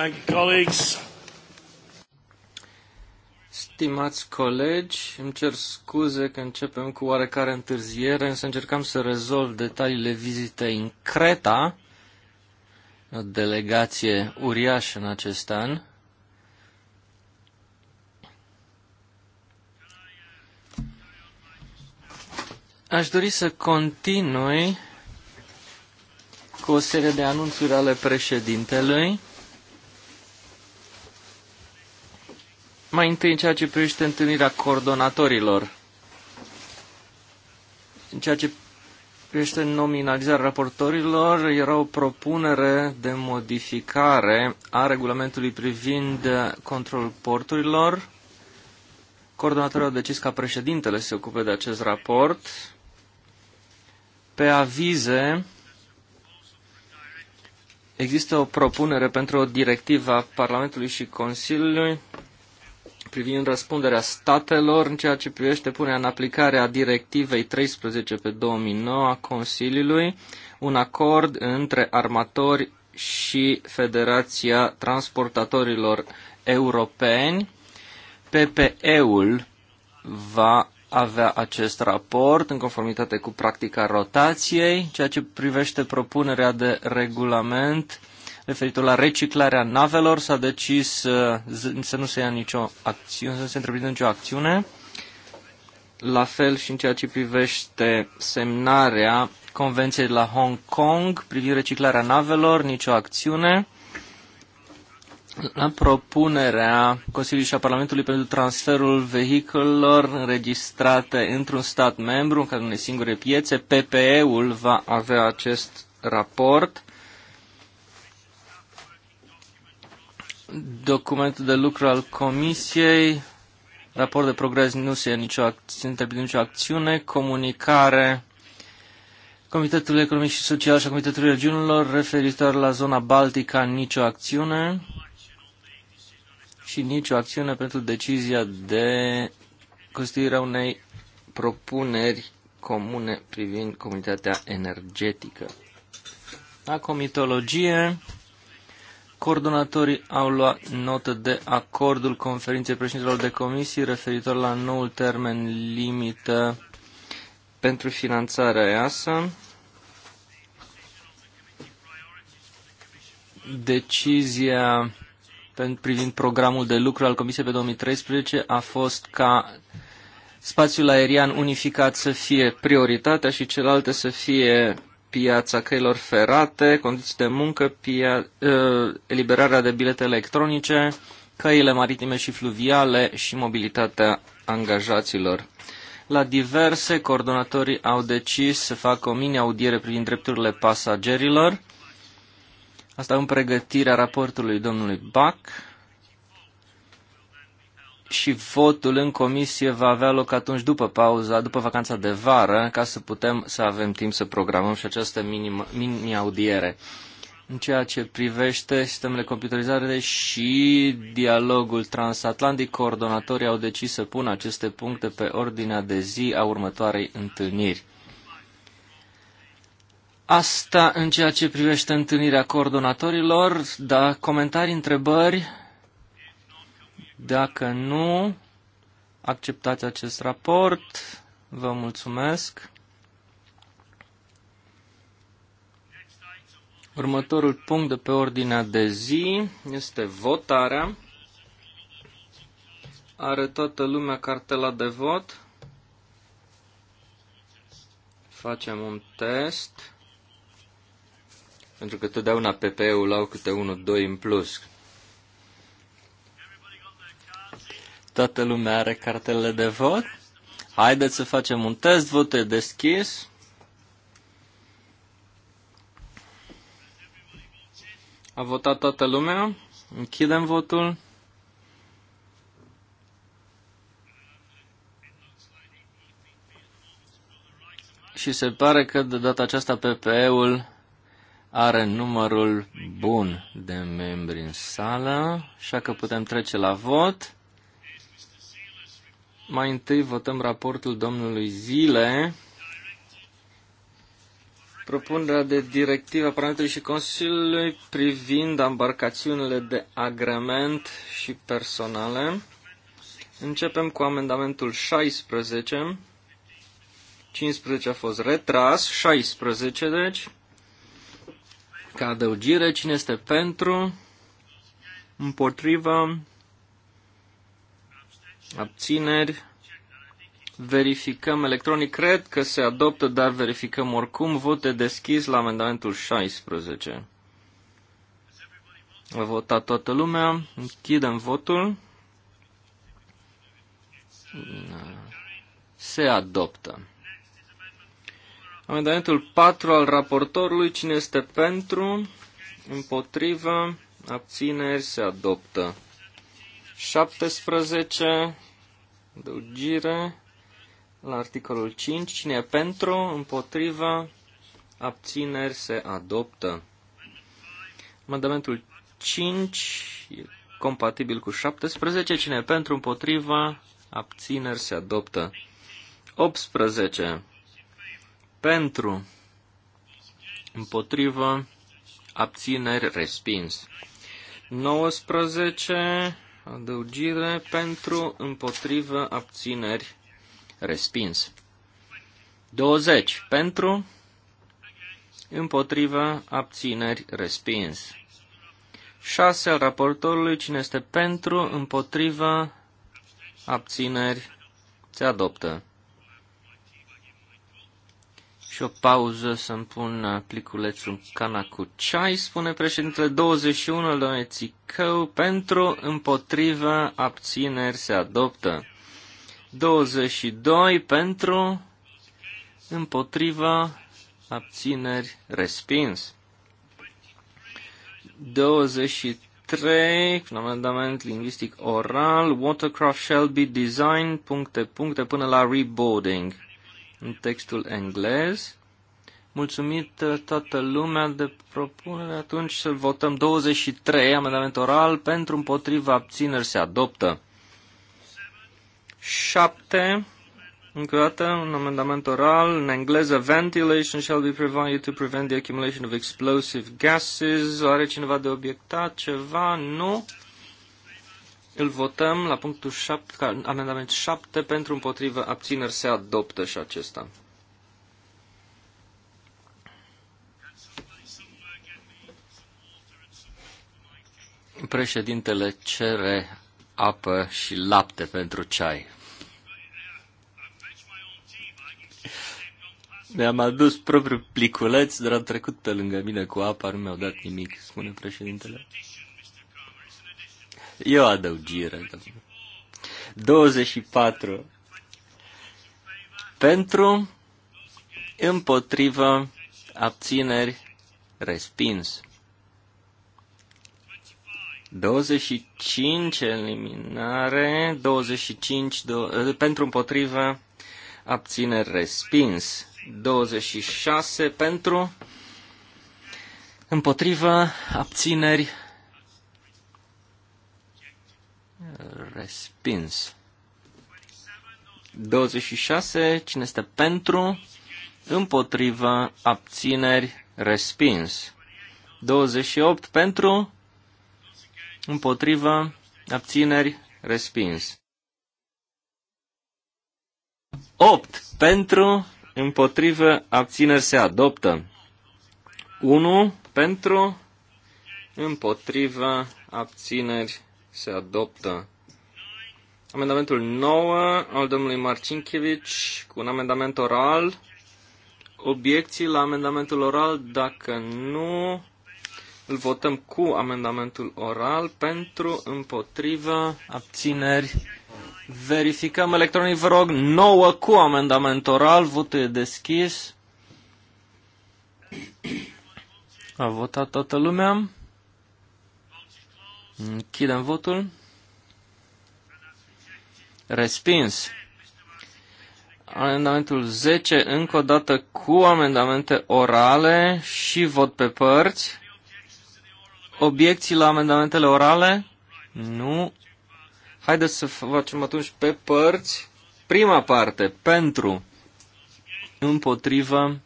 Thank you, colleagues. Stimați colegi, îmi cer scuze că începem cu oarecare întârziere, însă încercam să rezolv detaliile vizitei în Creta, o delegație uriașă în acest an. Aș dori să continui cu o serie de anunțuri ale președintelui. Mai întâi în ceea ce privește întâlnirea coordonatorilor, în ceea ce privește nominalizarea raportorilor, era o propunere de modificare a regulamentului privind controlul porturilor. Coordonatorul a decis ca președintele să se ocupe de acest raport. Pe avize există o propunere pentru o directivă a Parlamentului și Consiliului privind răspunderea statelor în ceea ce privește punerea în aplicare a directivei 13 pe 2009 a Consiliului, un acord între armatori și Federația Transportatorilor Europeni. PPE-ul va avea acest raport în conformitate cu practica rotației, ceea ce privește propunerea de regulament referitor la reciclarea navelor. S-a decis să, uh, să nu se ia nicio acțiune, să nu se întreprindă nicio acțiune. La fel și în ceea ce privește semnarea Convenției de la Hong Kong privind reciclarea navelor, nicio acțiune. La propunerea Consiliului și a Parlamentului pentru transferul vehiculelor înregistrate într-un stat membru, în cadrul unei singure piețe, PPE-ul va avea acest raport. documentul de lucru al Comisiei, raport de progres nu se nicio întreprinde nicio acțiune, comunicare Comitetul Economic și Social și comitetul Comitetului Regiunilor referitor la zona Baltica, nicio acțiune și nicio acțiune pentru decizia de constituirea unei propuneri comune privind comunitatea energetică. La comitologie, Coordonatorii au luat notă de acordul conferinței președintelor de comisii referitor la noul termen limită pentru finanțarea EASA. Decizia privind programul de lucru al Comisiei pe 2013 a fost ca spațiul aerian unificat să fie prioritatea și celelalte să fie piața căilor ferate, condiții de muncă, pia, uh, eliberarea de bilete electronice, căile maritime și fluviale și mobilitatea angajaților. La diverse, coordonatorii au decis să facă o mini-audiere privind drepturile pasagerilor. Asta în pregătirea raportului domnului Bach și votul în comisie va avea loc atunci după pauza, după vacanța de vară, ca să putem să avem timp să programăm și această mini-audiere. În ceea ce privește sistemele computerizare și dialogul transatlantic, coordonatorii au decis să pună aceste puncte pe ordinea de zi a următoarei întâlniri. Asta în ceea ce privește întâlnirea coordonatorilor, da, comentarii, întrebări, dacă nu acceptați acest raport, vă mulțumesc. Următorul punct de pe ordinea de zi este votarea. Are toată lumea cartela de vot? Facem un test. Pentru că totdeauna PP-ul au câte unul, doi în plus. Toată lumea are cartele de vot. Haideți să facem un test. Votul e deschis. A votat toată lumea. Închidem votul. Și se pare că de data aceasta PPE-ul are numărul bun de membri în sală, așa că putem trece la vot. Mai întâi votăm raportul domnului Zile. Propunerea de directivă a Parlamentului și Consiliului privind embarcațiunile de agrement și personale. Începem cu amendamentul 16. 15 a fost retras, 16 deci. Ca adăugire, cine este pentru? Împotriva? abțineri, verificăm electronic, cred că se adoptă, dar verificăm oricum, vot de deschis la amendamentul 16. A votat toată lumea, închidem votul, se adoptă. Amendamentul 4 al raportorului, cine este pentru, împotrivă, abțineri, se adoptă. 17, adăugire la articolul 5. Cine e pentru, împotriva, abțineri se adoptă. Mandamentul 5 e compatibil cu 17. Cine e pentru, împotriva, abțineri se adoptă. 18. Pentru, împotriva, abțineri respins. 19 Adăugire pentru, împotrivă, abțineri, respins. 20. Pentru, împotrivă, abțineri, respins. 6. Al raportorului, cine este pentru, împotrivă, abțineri, se adoptă și o pauză să-mi pun uh, pliculețul în cana cu ceai, spune președintele 21 doamne Țicău, pentru, împotriva, abțineri se adoptă. 22 pentru, împotriva, abțineri respins. 23, amendament lingvistic oral, watercraft shall be designed, puncte, puncte, până la reboarding în textul englez. Mulțumit uh, toată lumea de propunere, atunci să votăm 23, amendament oral, pentru împotriva abțineri se adoptă. 7. Încă o dată, un amendament oral în engleză, ventilation shall be provided to prevent the accumulation of explosive gases. Are cineva de obiectat ceva? Nu. Îl votăm la punctul 7, amendament 7 pentru împotrivă abțineri se adoptă și acesta. Președintele cere apă și lapte pentru ceai. Mi-am adus propriul pliculeț, dar am trecut pe lângă mine cu apa, nu mi-au dat nimic, spune președintele. E o adăugire. 24. Da. Pentru, împotrivă, abțineri, respins. 25 eliminare, 25 do- eh, pentru împotrivă, abțineri respins, 26 pentru împotrivă, abțineri Respins. 26. Cine este pentru? Împotrivă. Abțineri. Respins. 28. Pentru? Împotrivă. Abțineri. Respins. 8. Pentru, împotrivă, abțineri se adoptă. 1. Pentru, împotrivă, abțineri se adoptă. Amendamentul 9 al domnului Marcinkevici cu un amendament oral. Obiecții la amendamentul oral, dacă nu, îl votăm cu amendamentul oral pentru, împotrivă, abțineri. Verificăm electronic, vă rog, 9 cu amendament oral, votul e deschis. A votat toată lumea. Închidem votul. Respins. Amendamentul 10, încă o dată cu amendamente orale și vot pe părți. Obiecții la amendamentele orale? Nu. Haideți să facem atunci pe părți. Prima parte, pentru, împotrivă,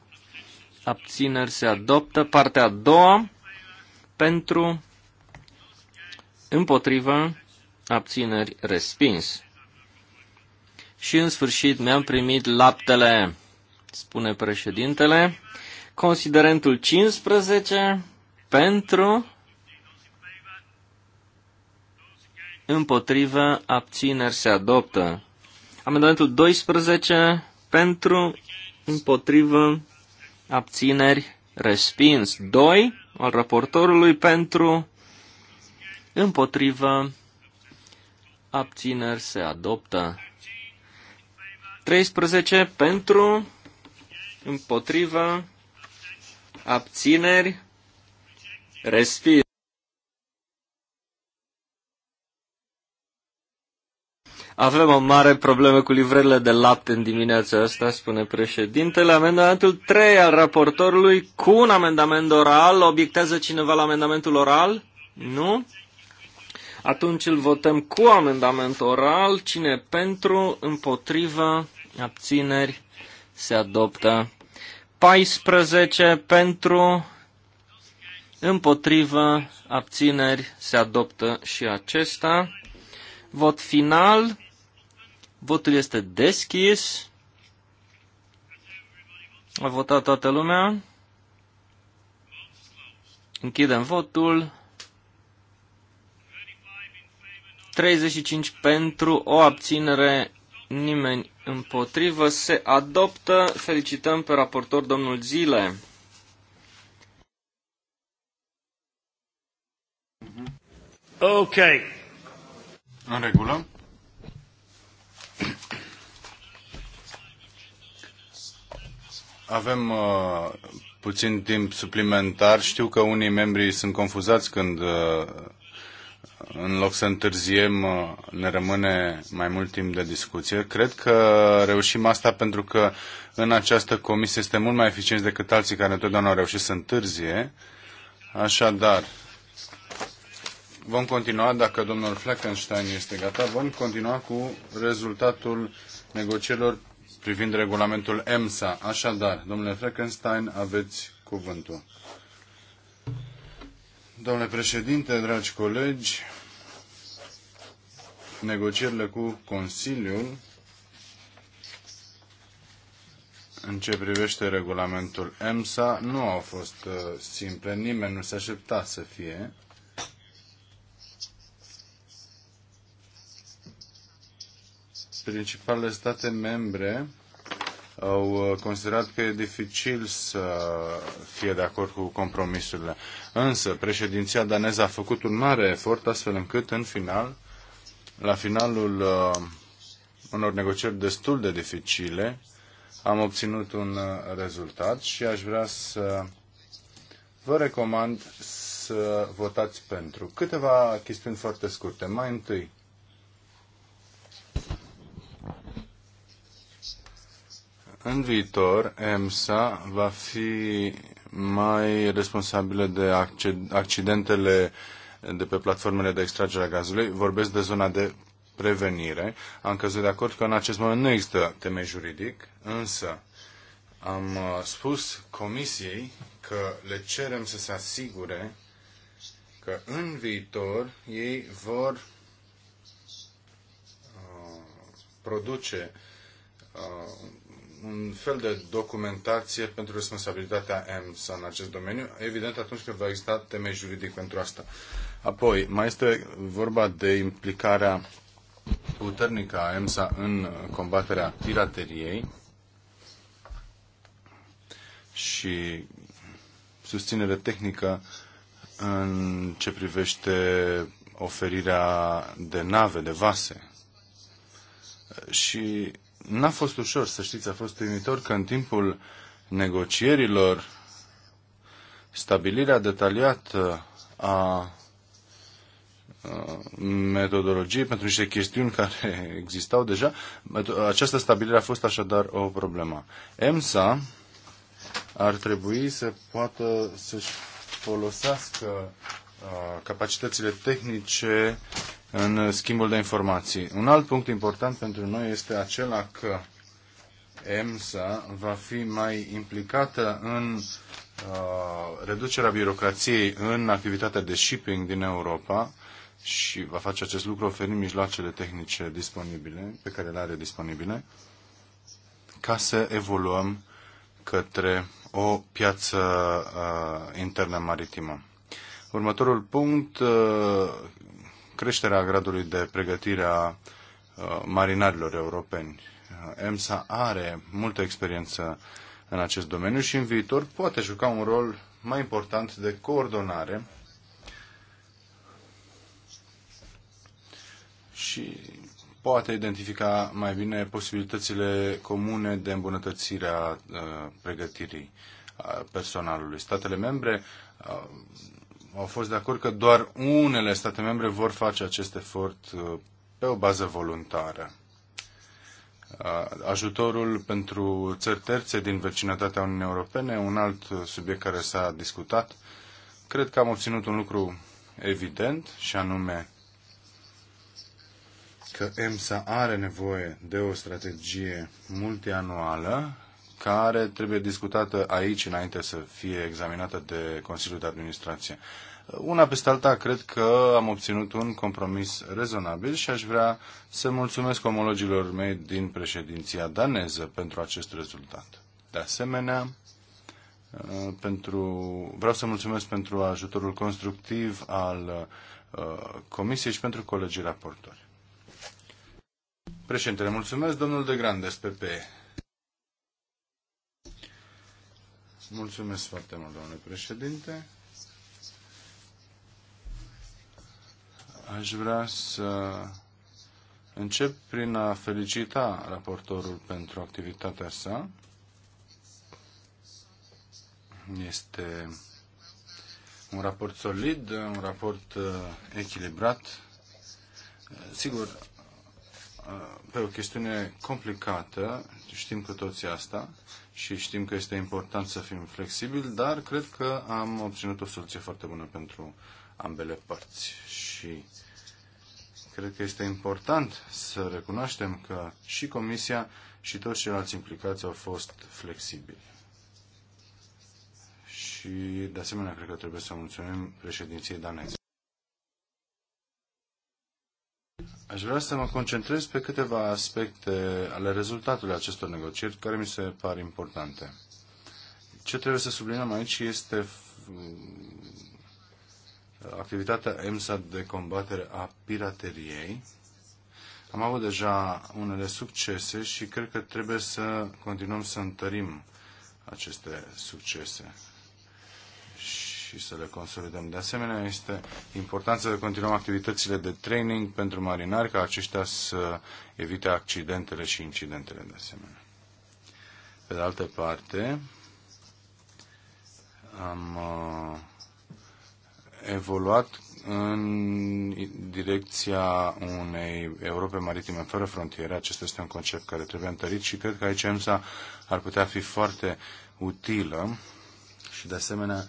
abțineri se adoptă. Partea a doua, pentru, Împotriva, abțineri, respins. Și în sfârșit mi-am primit laptele, spune președintele. Considerentul 15 pentru împotrivă, abțineri se adoptă. Amendamentul 12 pentru împotrivă, abțineri respins. 2 al raportorului pentru împotrivă, abțineri se adoptă. 13 pentru, împotrivă, abțineri, respir. Avem o mare problemă cu livrările de lapte în dimineața asta, spune președintele. Amendamentul 3 al raportorului cu un amendament oral. Obiectează cineva la amendamentul oral? Nu? Atunci îl votăm cu amendament oral. Cine pentru, împotrivă, abțineri, se adoptă. 14 pentru, împotrivă, abțineri, se adoptă și acesta. Vot final. Votul este deschis. A votat toată lumea. Închidem votul. 35 pentru, o abținere, nimeni împotrivă, se adoptă. Felicităm pe raportor domnul Zile. Ok. În regulă. Avem uh, puțin timp suplimentar. Știu că unii membri sunt confuzați când uh, în loc să întârziem, uh, ne rămâne mai mult timp de discuție. Cred că reușim asta pentru că în această comisie este mult mai eficienți decât alții care întotdeauna au reușit să întârzie. Așadar, vom continua, dacă domnul Fleckenstein este gata, vom continua cu rezultatul negocierilor privind regulamentul EMSA. Așadar, domnule Fleckenstein, aveți cuvântul. Domnule președinte, dragi colegi, negocierile cu Consiliul în ce privește regulamentul EMSA nu au fost uh, simple, nimeni nu se aștepta să fie. Principalele state membre au uh, considerat că e dificil să fie de acord cu compromisurile. Însă, președinția daneză a făcut un mare efort astfel încât, în final, la finalul uh, unor negocieri destul de dificile, am obținut un uh, rezultat și aș vrea să vă recomand să votați pentru. Câteva chestiuni foarte scurte. Mai întâi, În viitor, EMSA va fi mai responsabilă de accidentele de pe platformele de extragere a gazului. Vorbesc de zona de prevenire. Am căzut de acord că în acest moment nu există temei juridic, însă am uh, spus comisiei că le cerem să se asigure că în viitor ei vor uh, produce uh, un fel de documentație pentru responsabilitatea EMSA în acest domeniu, evident atunci când va exista temei juridic pentru asta. Apoi, mai este vorba de implicarea puternică a EMSA în combaterea pirateriei și susținere tehnică în ce privește oferirea de nave, de vase. Și N-a fost ușor, să știți, a fost uimitor că în timpul negocierilor stabilirea detaliată a metodologiei pentru niște chestiuni care existau deja. Această stabilire a fost așadar o problemă. EMSA ar trebui să poată să-și folosească capacitățile tehnice în schimbul de informații. Un alt punct important pentru noi este acela că EMSA va fi mai implicată în reducerea birocrației în activitatea de shipping din Europa și va face acest lucru oferind mijloacele tehnice disponibile, pe care le are disponibile, ca să evoluăm către o piață uh, internă maritimă. Următorul punct, uh, creșterea gradului de pregătire a uh, marinarilor europeni. Uh, EMSA are multă experiență în acest domeniu și în viitor poate juca un rol mai important de coordonare și poate identifica mai bine posibilitățile comune de îmbunătățire a pregătirii personalului. Statele membre au fost de acord că doar unele state membre vor face acest efort uh, pe o bază voluntară. Uh, ajutorul pentru țări terțe din vecinătatea Uniunii Europene, un alt subiect care s-a discutat, cred că am obținut un lucru evident și anume că EMSA are nevoie de o strategie multianuală care trebuie discutată aici înainte să fie examinată de Consiliul de Administrație. Una peste alta, cred că am obținut un compromis rezonabil și aș vrea să mulțumesc omologilor mei din președinția daneză pentru acest rezultat. De asemenea, uh, pentru, vreau să mulțumesc pentru ajutorul constructiv al uh, Comisiei și pentru colegii raportori. Președintele, mulțumesc, domnul de Grandes, PP. Mulțumesc foarte mult, domnule președinte. Aș vrea să încep prin a felicita raportorul pentru activitatea sa. Este un raport solid, un raport uh, echilibrat. Sigur, pe o chestiune complicată, știm cu toții asta și știm că este important să fim flexibili, dar cred că am obținut o soluție foarte bună pentru ambele părți și cred că este important să recunoaștem că și Comisia și toți ceilalți implicați au fost flexibili. Și, de asemenea, cred că trebuie să mulțumim președinției daneze. Aș vrea să mă concentrez pe câteva aspecte ale rezultatului acestor negocieri care mi se par importante. Ce trebuie să subliniem aici este mm, activitatea EMSA de combatere a pirateriei. Am avut deja unele succese și cred că trebuie să continuăm să întărim aceste succese și să le consolidăm. De asemenea, este important să continuăm activitățile de training pentru marinari, ca aceștia să evite accidentele și incidentele de asemenea. Pe de altă parte, am uh, evoluat în direcția unei Europe maritime fără frontiere. Acesta este un concept care trebuie întărit și cred că aici EMSA ar putea fi foarte utilă și de asemenea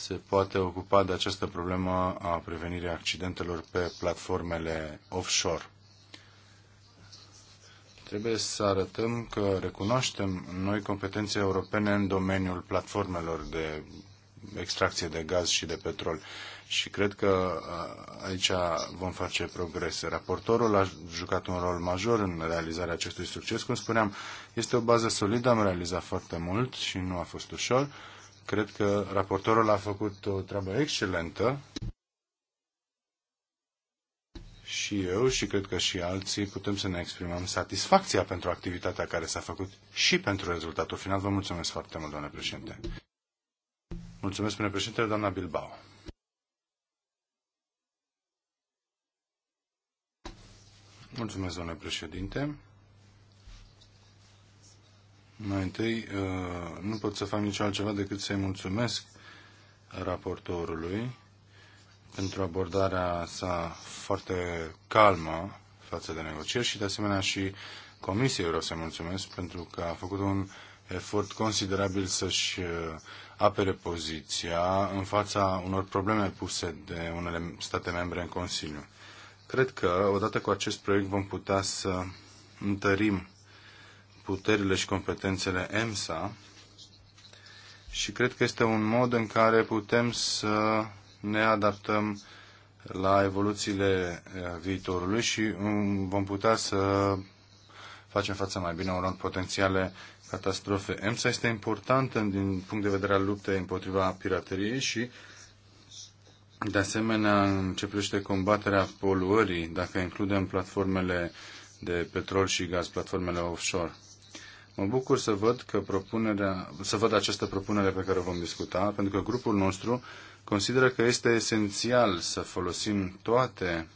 se poate ocupa de această problemă a prevenirii accidentelor pe platformele offshore. Trebuie să arătăm că recunoaștem noi competențe europene în domeniul platformelor de extracție de gaz și de petrol. Și cred că aici vom face progrese. Raportorul a jucat un rol major în realizarea acestui succes. Cum spuneam, este o bază solidă, am realizat foarte mult și nu a fost ușor Cred că raportorul a făcut o treabă excelentă și eu și cred că și alții putem să ne exprimăm satisfacția pentru activitatea care s-a făcut și pentru rezultatul final. Vă mulțumesc foarte mult, doamne președinte. Mulțumesc, doamne președinte, doamna Bilbao. Mulțumesc, doamne președinte. Mai întâi, uh, nu pot să fac nici altceva decât să-i mulțumesc raportorului pentru abordarea sa foarte calmă față de negocieri și de asemenea și Comisiei vreau să-i mulțumesc pentru că a făcut un efort considerabil să-și uh, apere poziția în fața unor probleme puse de unele state membre în Consiliu. Cred că, odată cu acest proiect, vom putea să întărim puterile și competențele EMSA și cred că este un mod în care putem să ne adaptăm la evoluțiile eh, viitorului și mm, vom putea să facem față mai bine unor potențiale catastrofe. EMSA este importantă din punct de vedere al luptei împotriva pirateriei și de asemenea în ce privește combaterea poluării, dacă includem platformele de petrol și gaz, platformele offshore. Mă bucur să văd, că propunerea, să văd această propunere pe care o vom discuta, pentru că grupul nostru consideră că este esențial să folosim toate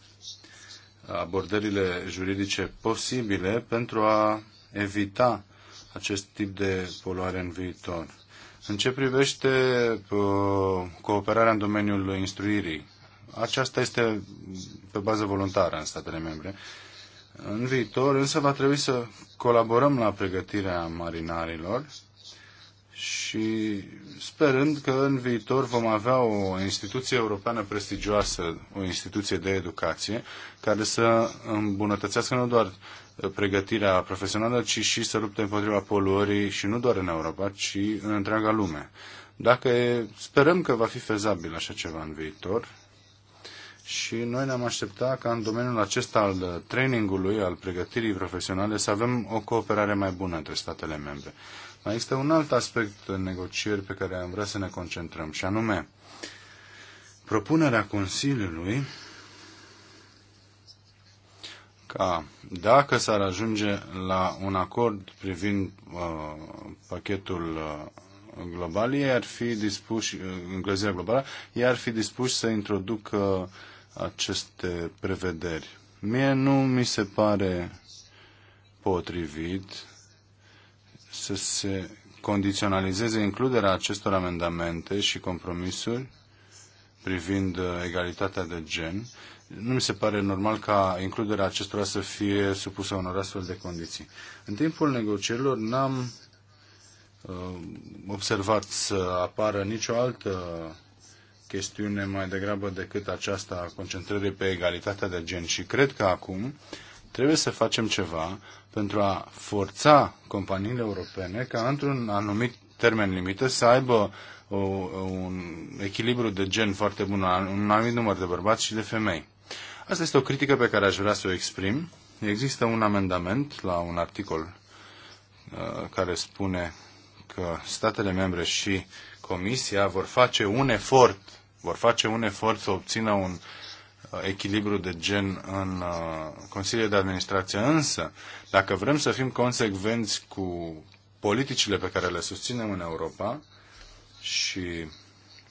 abordările juridice posibile pentru a evita acest tip de poluare în viitor. În ce privește uh, cooperarea în domeniul instruirii, aceasta este pe bază voluntară în statele membre în viitor însă va trebui să colaborăm la pregătirea marinarilor și sperând că în viitor vom avea o instituție europeană prestigioasă, o instituție de educație, care să îmbunătățească nu doar pregătirea profesională, ci și să lupte împotriva poluării și nu doar în Europa, ci în întreaga lume. Dacă sperăm că va fi fezabil așa ceva în viitor și noi ne-am aștepta ca în domeniul acesta al trainingului, al pregătirii profesionale, să avem o cooperare mai bună între statele membre. Mai există un alt aspect în negocieri pe care am vrea să ne concentrăm și anume propunerea Consiliului ca dacă s-ar ajunge la un acord privind uh, pachetul uh, global, ei ar fi dispuși, uh, încălzirea globală, ei ar fi dispuși să introducă aceste prevederi. Mie nu mi se pare potrivit să se condiționalizeze includerea acestor amendamente și compromisuri privind uh, egalitatea de gen. Nu mi se pare normal ca includerea acestora să fie supusă unor astfel de condiții. În timpul negocierilor n-am uh, observat să apară nicio altă chestiune mai degrabă decât aceasta a concentrării pe egalitatea de gen. Și cred că acum trebuie să facem ceva pentru a forța companiile europene ca într-un anumit termen limită să aibă o, un echilibru de gen foarte bun, un anumit număr de bărbați și de femei. Asta este o critică pe care aș vrea să o exprim. Există un amendament la un articol uh, care spune că statele membre și Comisia vor face un efort vor face un efort să obțină un uh, echilibru de gen în uh, Consiliul de Administrație. Însă, dacă vrem să fim consecvenți cu politicile pe care le susținem în Europa și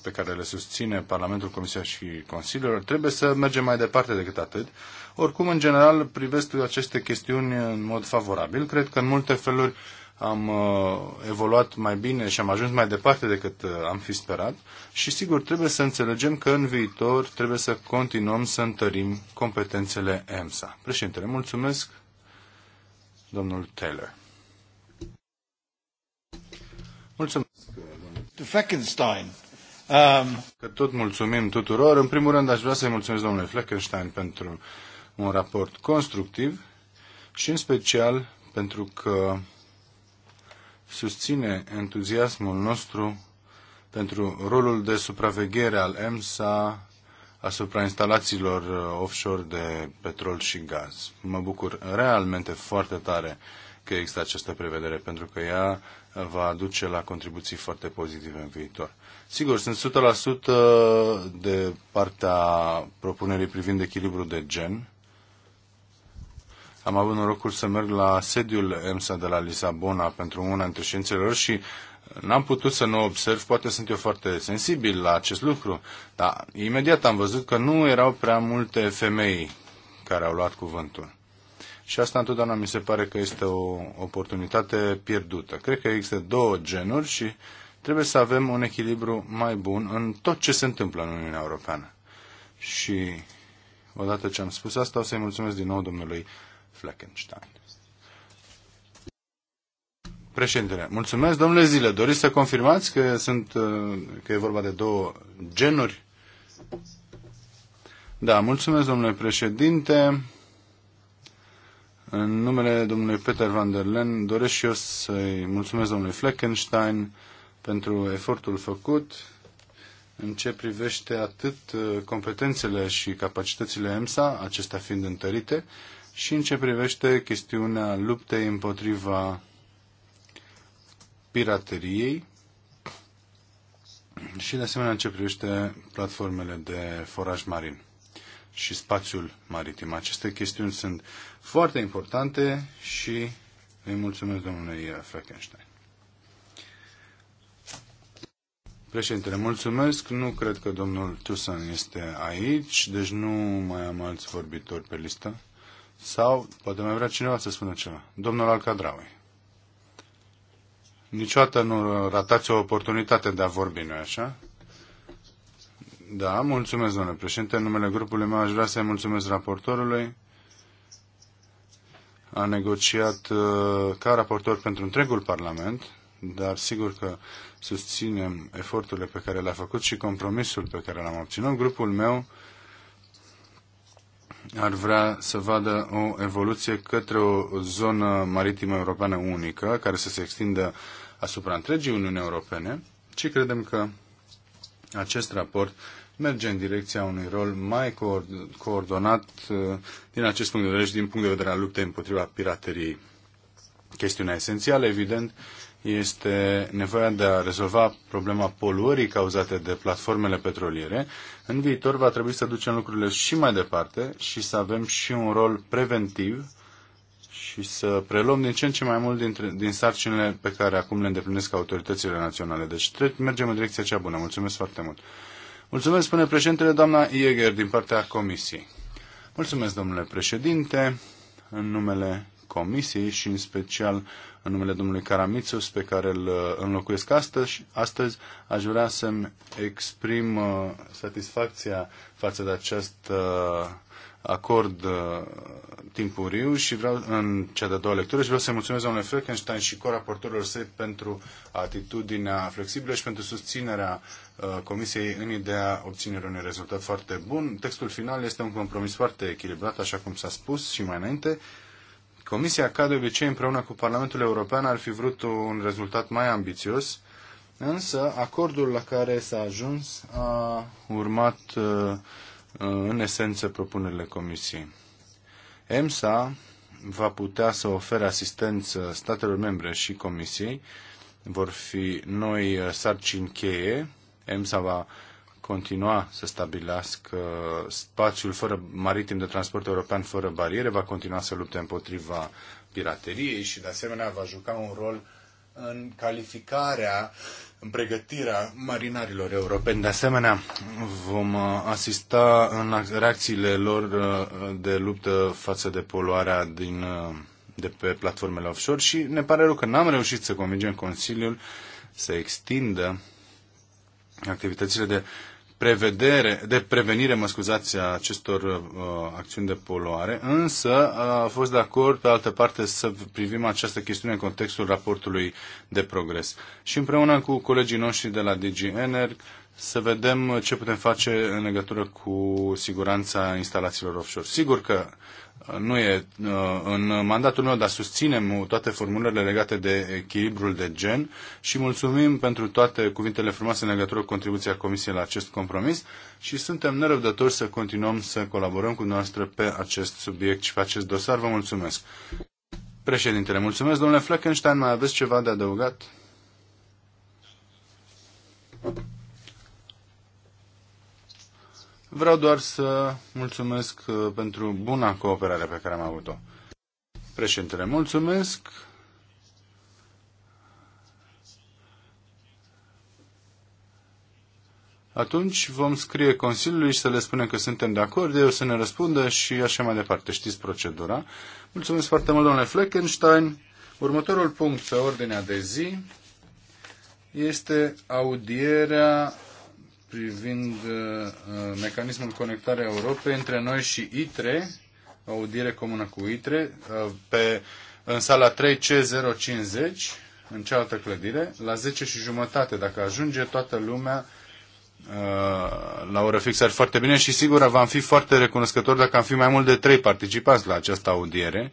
pe care le susține Parlamentul, Comisia și Consiliul, trebuie să mergem mai departe decât atât. Oricum, în general, privesc aceste chestiuni în mod favorabil. Cred că în multe feluri uh, am uh, evoluat mai bine și am ajuns mai departe decât uh, am fi sperat și sigur trebuie să înțelegem că în viitor trebuie să continuăm să întărim competențele EMSA. Președintele, mulțumesc, domnul Taylor. Mulțumesc. Fleckenstein. Um... Că tot mulțumim tuturor. În primul rând aș vrea să-i mulțumesc domnului Fleckenstein pentru un raport constructiv și în special pentru că susține entuziasmul nostru pentru rolul de supraveghere al EMSA asupra instalațiilor uh, offshore de petrol și gaz. Mă bucur realmente foarte tare că există această prevedere, pentru că ea uh, va aduce la contribuții foarte pozitive în viitor. Sigur, sunt 100% de partea propunerii privind echilibrul de gen, am avut norocul să merg la sediul EMSA de la Lisabona pentru una dintre științelor lor și n-am putut să nu observ, poate sunt eu foarte sensibil la acest lucru, dar imediat am văzut că nu erau prea multe femei care au luat cuvântul. Și asta întotdeauna mi se pare că este o oportunitate pierdută. Cred că există două genuri și trebuie să avem un echilibru mai bun în tot ce se întâmplă în Uniunea Europeană. Și odată ce am spus asta, o să-i mulțumesc din nou domnului Fleckenstein. Președintele, mulțumesc. Domnule Zile, doriți să confirmați că, sunt, uh, că e vorba de două genuri? Da, mulțumesc, domnule președinte. În numele domnului Peter van der Len, doresc și eu să-i mulțumesc domnului Fleckenstein pentru efortul făcut în ce privește atât uh, competențele și capacitățile EMSA, acestea fiind întărite, și în ce privește chestiunea luptei împotriva pirateriei și de asemenea în ce privește platformele de foraj marin și spațiul maritim. Aceste chestiuni sunt foarte importante și îi mulțumesc domnului Frankenstein. Președintele, mulțumesc. Nu cred că domnul Tusan este aici, deci nu mai am alți vorbitori pe listă. Sau poate mai vrea cineva să spună ceva. Domnul Alcadraui. Niciodată nu ratați o oportunitate de a vorbi, nu așa? Da, mulțumesc, domnule președinte. În numele grupului meu aș vrea să-i mulțumesc raportorului. A negociat uh, ca raportor pentru întregul Parlament, dar sigur că susținem eforturile pe care le-a făcut și compromisul pe care l-am obținut. Grupul meu ar vrea să vadă o evoluție către o zonă maritimă europeană unică, care să se extindă asupra întregii Uniuni Europene, ci credem că acest raport merge în direcția unui rol mai coordonat uh, din acest punct de vedere și din punct de vedere al luptei împotriva pirateriei. Chestiunea esențială, evident, este nevoia de a rezolva problema poluării cauzate de platformele petroliere. În viitor va trebui să ducem lucrurile și mai departe și să avem și un rol preventiv și să preluăm din ce în ce mai mult dintre, din sarcinile pe care acum le îndeplinesc autoritățile naționale. Deci tre- mergem în direcția cea bună. Mulțumesc foarte mult. Mulțumesc, spune președintele, doamna Ieger, din partea Comisiei. Mulțumesc, domnule președinte, în numele Comisiei și în special în numele domnului Karamitsos pe care îl uh, înlocuiesc astăzi. Astăzi aș vrea să-mi exprim uh, satisfacția față de acest uh, acord timpuriu și vreau în cea de-a doua lectură și vreau să-i mulțumesc domnului Frankenstein și coraportorilor săi pentru atitudinea flexibilă și pentru susținerea Comisiei în ideea obținerii unui rezultat foarte bun. Textul final este un compromis foarte echilibrat, așa cum s-a spus și mai înainte, Comisia, ca de obicei, împreună cu Parlamentul European, ar fi vrut un rezultat mai ambițios, însă acordul la care s-a ajuns a urmat uh, uh, în esență propunerile Comisiei. EMSA va putea să ofere asistență statelor membre și Comisiei. Vor fi noi uh, sarcini cheie. EMSA va continua să stabilească spațiul fără maritim de transport european fără bariere, va continua să lupte împotriva pirateriei și de asemenea va juca un rol în calificarea, în pregătirea marinarilor europeni. De asemenea, vom uh, asista în reacțiile lor uh, de luptă față de poluarea din, uh, de pe platformele offshore și ne pare rău că n-am reușit să convingem Consiliul să extindă activitățile de prevedere, de prevenire, mă scuzați, a acestor uh, acțiuni de poluare, însă uh, a fost de acord, pe altă parte, să privim această chestiune în contextul raportului de progres. Și împreună cu colegii noștri de la DGNR să vedem ce putem face în legătură cu siguranța instalațiilor offshore. Sigur că uh, nu e uh, în mandatul meu, dar susținem toate formulele legate de echilibrul de gen și mulțumim pentru toate cuvintele frumoase în legătură cu contribuția Comisiei la acest compromis și suntem nerăbdători să continuăm să colaborăm cu noastră pe acest subiect și pe acest dosar. Vă mulțumesc. Președintele, mulțumesc. Domnule Fleckenstein, mai aveți ceva de adăugat? Vreau doar să mulțumesc uh, pentru buna cooperare pe care am avut-o. Președintele, mulțumesc. Atunci vom scrie Consiliului și să le spunem că suntem de acord, eu să ne răspundă și așa mai departe. Știți procedura. Mulțumesc foarte mult, domnule Fleckenstein. Următorul punct pe ordinea de zi este audierea privind uh, uh, mecanismul conectarea Europei între noi și ITRE, audiere comună cu ITRE, uh, pe, în sala 3C050, în cealaltă clădire, la 10 și jumătate. Dacă ajunge toată lumea la oră fixă ar fi foarte bine și sigur v-am fi foarte recunoscător dacă am fi mai mult de trei participanți la această audiere.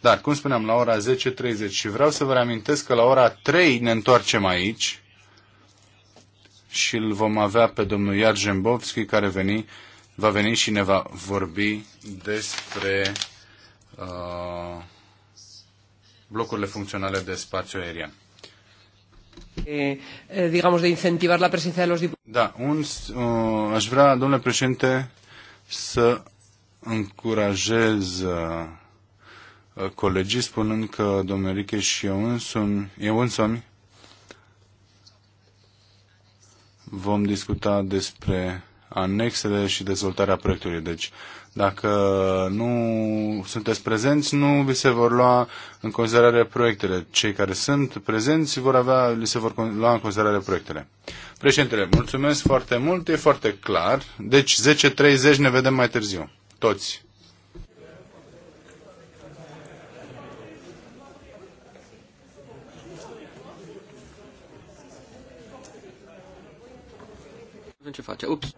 Dar, cum spuneam, la ora 10.30 și vreau să vă reamintesc că la ora 3 ne întoarcem aici, și îl vom avea pe domnul Iar Jembovski, care veni, va veni și ne va vorbi despre uh, blocurile funcționale de spațiu aerian. Eh, eh, digamos, de incentivar la presencia de los diputados. Da, un, uh, aș vrea, domnule președinte, să încurajez uh, colegii spunând că domnul Riche și eu însumi, eu însumi vom discuta despre anexele și dezvoltarea proiectului. Deci, dacă nu sunteți prezenți, nu vi se vor lua în considerare proiectele. Cei care sunt prezenți vor avea, li se vor lua în considerare proiectele. Președintele, mulțumesc foarte mult, e foarte clar. Deci, 10.30 ne vedem mai târziu. Toți. ce face? Ups!